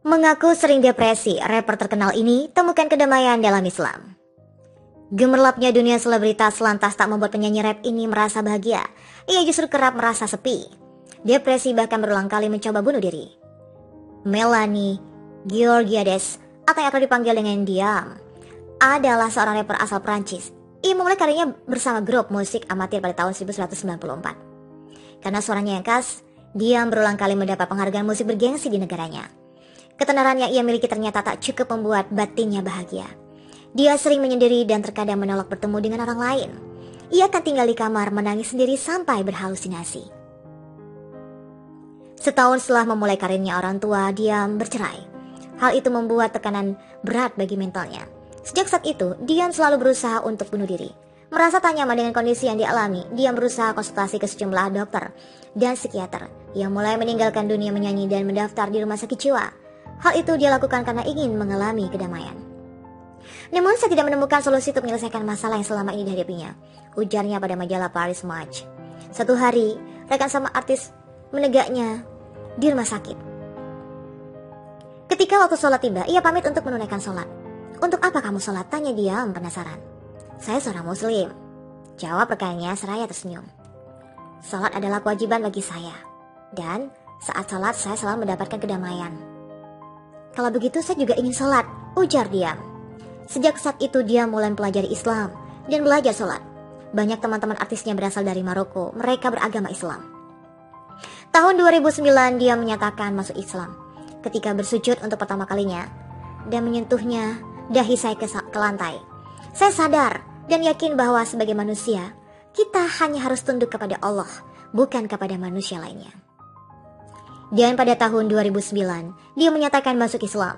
Mengaku sering depresi, rapper terkenal ini temukan kedamaian dalam Islam. Gemerlapnya dunia selebritas lantas tak membuat penyanyi rap ini merasa bahagia. Ia justru kerap merasa sepi. Depresi bahkan berulang kali mencoba bunuh diri. Melanie Georgiades atau yang akan dipanggil dengan Diam adalah seorang rapper asal Prancis. Ia memulai karirnya bersama grup musik amatir pada tahun 1994. Karena suaranya yang khas, Diam berulang kali mendapat penghargaan musik bergengsi di negaranya. Ketenaran yang ia miliki ternyata tak cukup membuat batinnya bahagia. Dia sering menyendiri dan terkadang menolak bertemu dengan orang lain. Ia akan tinggal di kamar menangis sendiri sampai berhalusinasi. Setahun setelah memulai karirnya orang tua, dia bercerai. Hal itu membuat tekanan berat bagi mentalnya. Sejak saat itu, Dian selalu berusaha untuk bunuh diri. Merasa tak nyaman dengan kondisi yang dialami, Dian berusaha konsultasi ke sejumlah dokter dan psikiater. yang mulai meninggalkan dunia menyanyi dan mendaftar di rumah sakit jiwa. Hal itu dia lakukan karena ingin mengalami kedamaian. Namun saya tidak menemukan solusi untuk menyelesaikan masalah yang selama ini dihadapinya, ujarnya pada majalah Paris Match. Satu hari, rekan sama artis menegaknya di rumah sakit. Ketika waktu sholat tiba, ia pamit untuk menunaikan sholat. Untuk apa kamu sholat? Tanya dia penasaran. Saya seorang muslim. Jawab rekannya seraya tersenyum. Sholat adalah kewajiban bagi saya. Dan saat sholat saya selalu mendapatkan kedamaian. Kalau begitu saya juga ingin sholat, ujar dia. Sejak saat itu dia mulai mempelajari Islam dan belajar sholat. Banyak teman-teman artisnya berasal dari Maroko, mereka beragama Islam. Tahun 2009 dia menyatakan masuk Islam. Ketika bersujud untuk pertama kalinya dan menyentuhnya dahi saya ke, ke lantai. Saya sadar dan yakin bahwa sebagai manusia, kita hanya harus tunduk kepada Allah, bukan kepada manusia lainnya dan pada tahun 2009 dia menyatakan masuk Islam.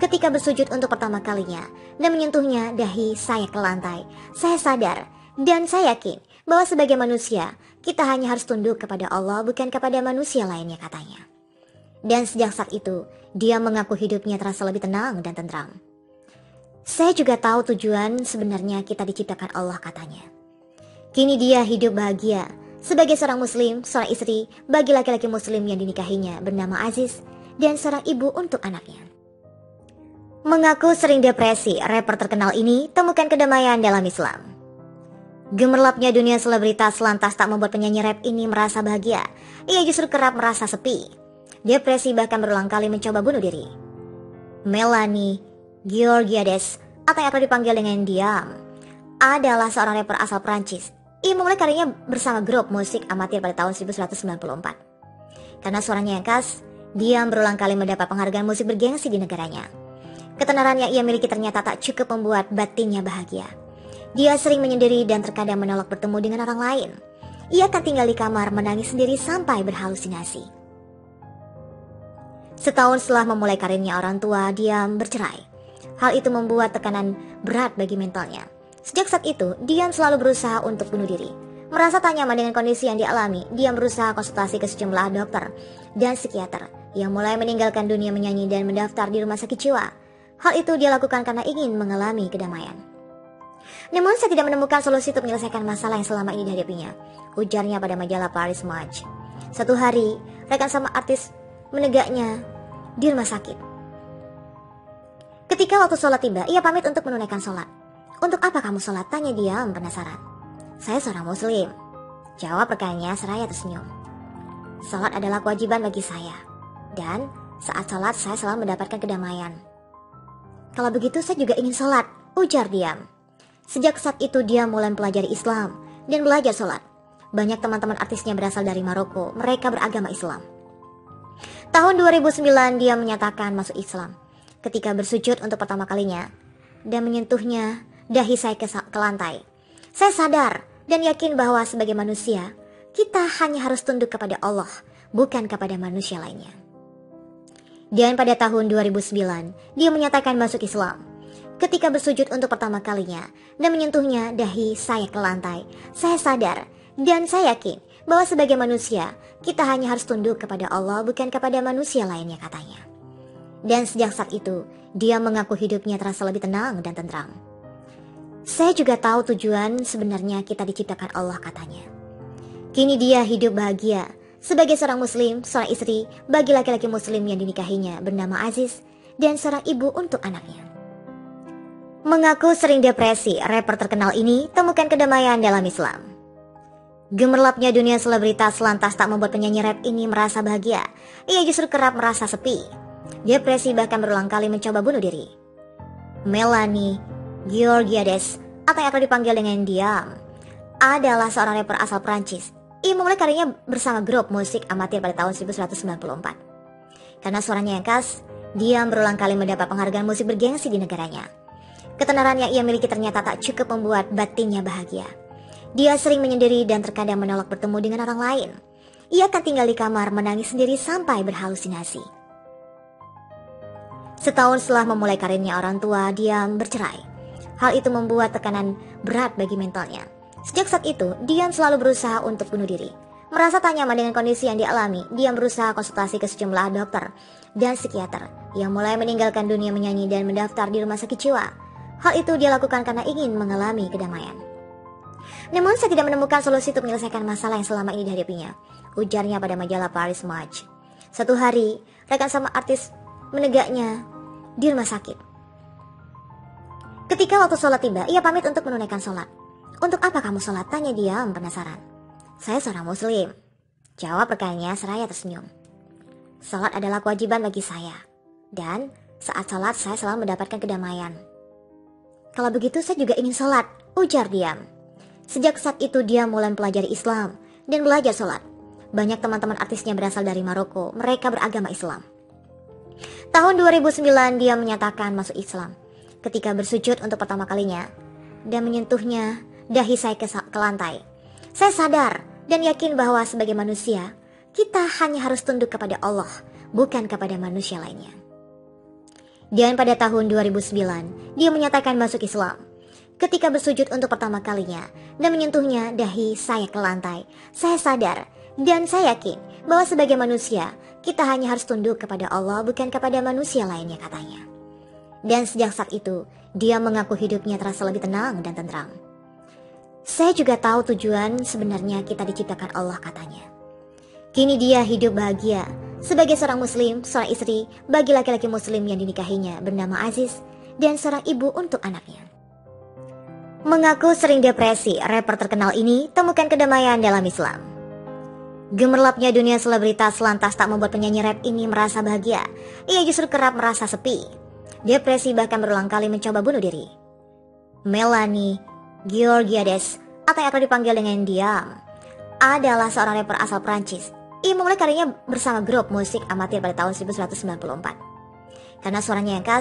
Ketika bersujud untuk pertama kalinya dan menyentuhnya dahi saya ke lantai, saya sadar dan saya yakin bahwa sebagai manusia kita hanya harus tunduk kepada Allah bukan kepada manusia lainnya katanya. Dan sejak saat itu dia mengaku hidupnya terasa lebih tenang dan tenteram. Saya juga tahu tujuan sebenarnya kita diciptakan Allah katanya. Kini dia hidup bahagia sebagai seorang muslim, seorang istri bagi laki-laki muslim yang dinikahinya bernama Aziz dan seorang ibu untuk anaknya. Mengaku sering depresi, rapper terkenal ini temukan kedamaian dalam Islam. Gemerlapnya dunia selebritas lantas tak membuat penyanyi rap ini merasa bahagia. Ia justru kerap merasa sepi. Depresi bahkan berulang kali mencoba bunuh diri. Melanie Georgiades atau yang akan dipanggil dengan Diam adalah seorang rapper asal Prancis ia memulai karirnya bersama grup musik amatir pada tahun 1994. Karena suaranya yang khas, dia berulang kali mendapat penghargaan musik bergengsi di negaranya. Ketenaran yang ia miliki ternyata tak cukup membuat batinnya bahagia. Dia sering menyendiri dan terkadang menolak bertemu dengan orang lain. Ia tak tinggal di kamar menangis sendiri sampai berhalusinasi. Setahun setelah memulai karirnya orang tua, dia bercerai. Hal itu membuat tekanan berat bagi mentalnya. Sejak saat itu, Dian selalu berusaha untuk bunuh diri. Merasa tak nyaman dengan kondisi yang dialami, Dian berusaha konsultasi ke sejumlah dokter dan psikiater yang mulai meninggalkan dunia menyanyi dan mendaftar di rumah sakit jiwa. Hal itu dia lakukan karena ingin mengalami kedamaian. Namun saya tidak menemukan solusi untuk menyelesaikan masalah yang selama ini dihadapinya, ujarnya pada majalah Paris Match. Satu hari, rekan sama artis menegaknya di rumah sakit. Ketika waktu sholat tiba, ia pamit untuk menunaikan sholat. Untuk apa kamu sholat? Tanya dia penasaran. Saya seorang muslim. Jawab rekannya seraya tersenyum. Sholat adalah kewajiban bagi saya. Dan saat sholat saya selalu mendapatkan kedamaian. Kalau begitu saya juga ingin sholat, ujar diam. Sejak saat itu dia mulai mempelajari Islam dan belajar sholat. Banyak teman-teman artisnya berasal dari Maroko, mereka beragama Islam. Tahun 2009 dia menyatakan masuk Islam ketika bersujud untuk pertama kalinya dan menyentuhnya dahi saya ke, ke lantai. Saya sadar dan yakin bahwa sebagai manusia, kita hanya harus tunduk kepada Allah, bukan kepada manusia lainnya. Dan pada tahun 2009, dia menyatakan masuk Islam. Ketika bersujud untuk pertama kalinya dan menyentuhnya dahi saya ke lantai, saya sadar dan saya yakin bahwa sebagai manusia, kita hanya harus tunduk kepada Allah bukan kepada manusia lainnya katanya. Dan sejak saat itu, dia mengaku hidupnya terasa lebih tenang dan tentram. Saya juga tahu tujuan sebenarnya kita diciptakan Allah katanya. Kini dia hidup bahagia sebagai seorang muslim, seorang istri bagi laki-laki muslim yang dinikahinya bernama Aziz dan seorang ibu untuk anaknya. Mengaku sering depresi, rapper terkenal ini temukan kedamaian dalam Islam. Gemerlapnya dunia selebritas lantas tak membuat penyanyi rap ini merasa bahagia. Ia justru kerap merasa sepi. Depresi bahkan berulang kali mencoba bunuh diri. Melanie Georgiades atau yang akrab dipanggil dengan Diam adalah seorang rapper asal Perancis. Ia memulai karirnya bersama grup musik amatir pada tahun 1994. Karena suaranya yang khas, Diam berulang kali mendapat penghargaan musik bergengsi di negaranya. Ketenaran yang ia miliki ternyata tak cukup membuat batinnya bahagia. Dia sering menyendiri dan terkadang menolak bertemu dengan orang lain. Ia akan tinggal di kamar menangis sendiri sampai berhalusinasi. Setahun setelah memulai karirnya orang tua, dia bercerai. Hal itu membuat tekanan berat bagi mentalnya. Sejak saat itu, Dian selalu berusaha untuk bunuh diri. Merasa tak nyaman dengan kondisi yang dialami, Dian berusaha konsultasi ke sejumlah dokter dan psikiater yang mulai meninggalkan dunia menyanyi dan mendaftar di rumah sakit jiwa. Hal itu dia lakukan karena ingin mengalami kedamaian. Namun saya tidak menemukan solusi untuk menyelesaikan masalah yang selama ini dihadapinya, ujarnya pada majalah Paris Match. Satu hari, rekan sama artis menegaknya di rumah sakit. Ketika waktu sholat tiba, ia pamit untuk menunaikan sholat. Untuk apa kamu sholat? Tanya dia penasaran. Saya seorang muslim. Jawab rekannya seraya tersenyum. Sholat adalah kewajiban bagi saya. Dan saat sholat saya selalu mendapatkan kedamaian. Kalau begitu saya juga ingin sholat, ujar diam. Sejak saat itu dia mulai mempelajari Islam dan belajar sholat. Banyak teman-teman artisnya berasal dari Maroko, mereka beragama Islam. Tahun 2009 dia menyatakan masuk Islam ketika bersujud untuk pertama kalinya dan menyentuhnya dahi saya ke, ke lantai. Saya sadar dan yakin bahwa sebagai manusia, kita hanya harus tunduk kepada Allah, bukan kepada manusia lainnya. Dan pada tahun 2009, dia menyatakan masuk Islam. Ketika bersujud untuk pertama kalinya dan menyentuhnya dahi saya ke lantai, saya sadar dan saya yakin bahwa sebagai manusia, kita hanya harus tunduk kepada Allah bukan kepada manusia lainnya katanya. Dan sejak saat itu, dia mengaku hidupnya terasa lebih tenang dan tenang. Saya juga tahu tujuan sebenarnya kita diciptakan Allah katanya. Kini dia hidup bahagia sebagai seorang muslim, seorang istri bagi laki-laki muslim yang dinikahinya bernama Aziz dan seorang ibu untuk anaknya. Mengaku sering depresi, rapper terkenal ini temukan kedamaian dalam Islam. Gemerlapnya dunia selebritas lantas tak membuat penyanyi rap ini merasa bahagia. Ia justru kerap merasa sepi, depresi bahkan berulang kali mencoba bunuh diri. Melanie Georgiades atau yang akan dipanggil dengan Diam adalah seorang rapper asal Prancis. Ia memulai karirnya bersama grup musik amatir pada tahun 1994. Karena suaranya yang khas,